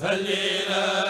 زليلا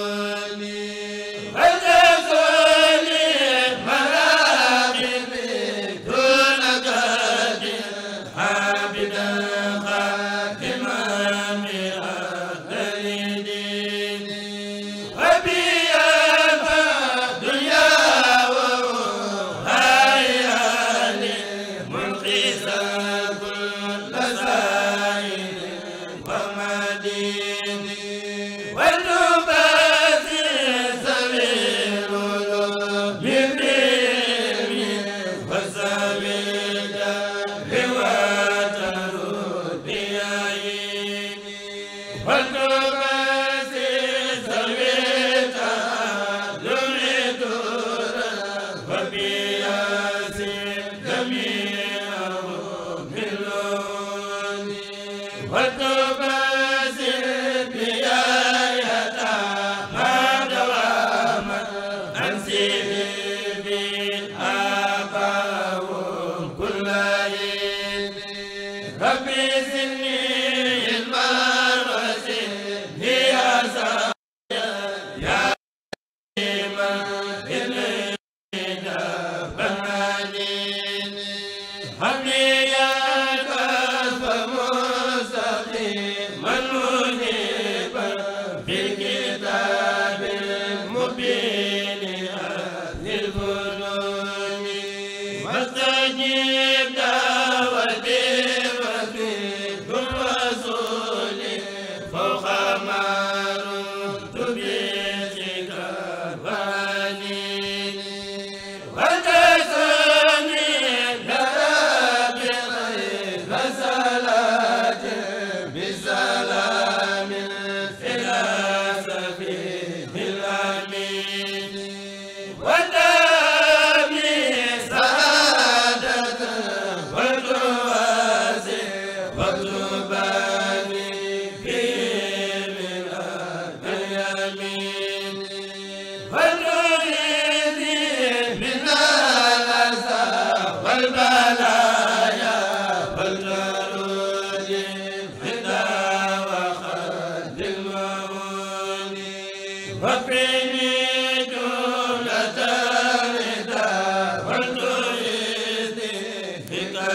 la wal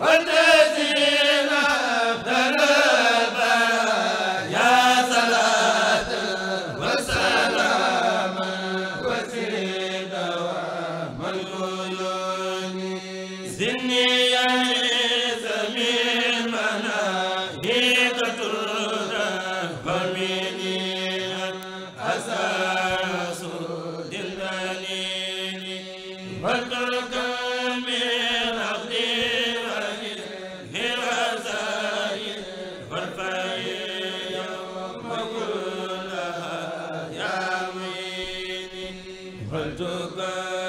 wa والجبان